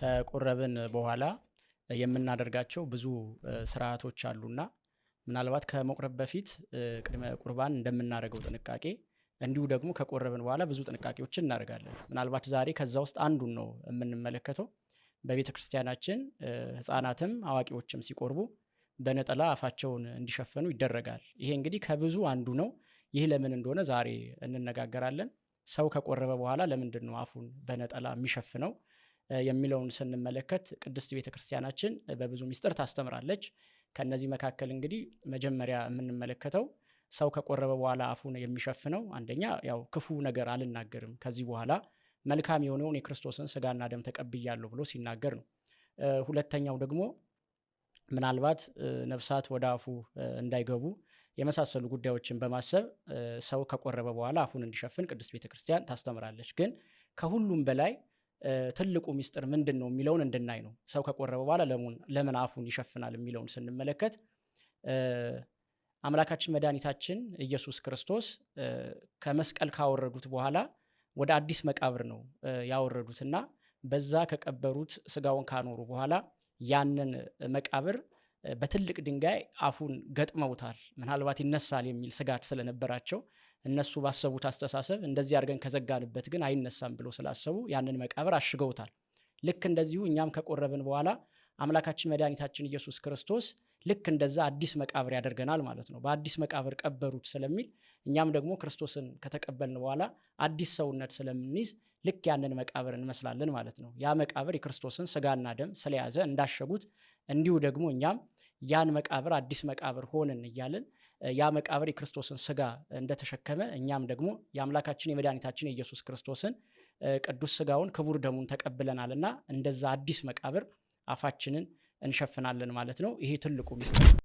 ከቆረብን በኋላ የምናደርጋቸው ብዙ ስርዓቶች አሉና ምናልባት ከመቁረብ በፊት ቅድመ ቁርባን እንደምናደርገው ጥንቃቄ እንዲሁ ደግሞ ከቆረብን በኋላ ብዙ ጥንቃቄዎችን እናደርጋለን። ምናልባት ዛሬ ከዛ ውስጥ አንዱን ነው የምንመለከተው። በቤተ ክርስቲያናችን ህፃናትም አዋቂዎችም ሲቆርቡ በነጠላ አፋቸውን እንዲሸፈኑ ይደረጋል። ይሄ እንግዲህ ከብዙ አንዱ ነው። ይህ ለምን እንደሆነ ዛሬ እንነጋገራለን። ሰው ከቆረበ በኋላ ለምንድን ነው አፉን በነጠላ የሚሸፍነው? የሚለውን ስንመለከት ቅድስት ቤተ ክርስቲያናችን በብዙ ሚስጥር ታስተምራለች። ከእነዚህ መካከል እንግዲህ መጀመሪያ የምንመለከተው ሰው ከቆረበ በኋላ አፉን የሚሸፍነው አንደኛ ያው ክፉ ነገር አልናገርም ከዚህ በኋላ መልካም የሆነውን የክርስቶስን ስጋና ደም ተቀብያለሁ ብሎ ሲናገር ነው። ሁለተኛው ደግሞ ምናልባት ነፍሳት ወደ አፉ እንዳይገቡ የመሳሰሉ ጉዳዮችን በማሰብ ሰው ከቆረበ በኋላ አፉን እንዲሸፍን ቅድስት ቤተክርስቲያን ታስተምራለች። ግን ከሁሉም በላይ ትልቁ ሚስጥር ምንድን ነው የሚለውን እንድናይ ነው። ሰው ከቆረበ በኋላ ለምን አፉን ይሸፍናል የሚለውን ስንመለከት አምላካችን መድኃኒታችን ኢየሱስ ክርስቶስ ከመስቀል ካወረዱት በኋላ ወደ አዲስ መቃብር ነው ያወረዱትና በዛ ከቀበሩት ስጋውን ካኖሩ በኋላ ያንን መቃብር በትልቅ ድንጋይ አፉን ገጥመውታል። ምናልባት ይነሳል የሚል ስጋት ስለነበራቸው እነሱ ባሰቡት አስተሳሰብ እንደዚህ አድርገን ከዘጋንበት ግን አይነሳም ብሎ ስላሰቡ ያንን መቃብር አሽገውታል። ልክ እንደዚሁ እኛም ከቆረብን በኋላ አምላካችን መድኃኒታችን ኢየሱስ ክርስቶስ ልክ እንደዛ አዲስ መቃብር ያደርገናል ማለት ነው። በአዲስ መቃብር ቀበሩት ስለሚል እኛም ደግሞ ክርስቶስን ከተቀበልን በኋላ አዲስ ሰውነት ስለምንይዝ ልክ ያንን መቃብር እንመስላለን ማለት ነው። ያ መቃብር የክርስቶስን ስጋና ደም ስለያዘ እንዳሸጉት እንዲሁ ደግሞ እኛም ያን መቃብር አዲስ መቃብር ሆንን እያልን ያ መቃብር የክርስቶስን ስጋ እንደተሸከመ እኛም ደግሞ የአምላካችን የመድኃኒታችን የኢየሱስ ክርስቶስን ቅዱስ ስጋውን ክቡር ደሙን ተቀብለናል እና እንደዛ አዲስ መቃብር አፋችንን እንሸፍናለን ማለት ነው። ይሄ ትልቁ ሚስጥር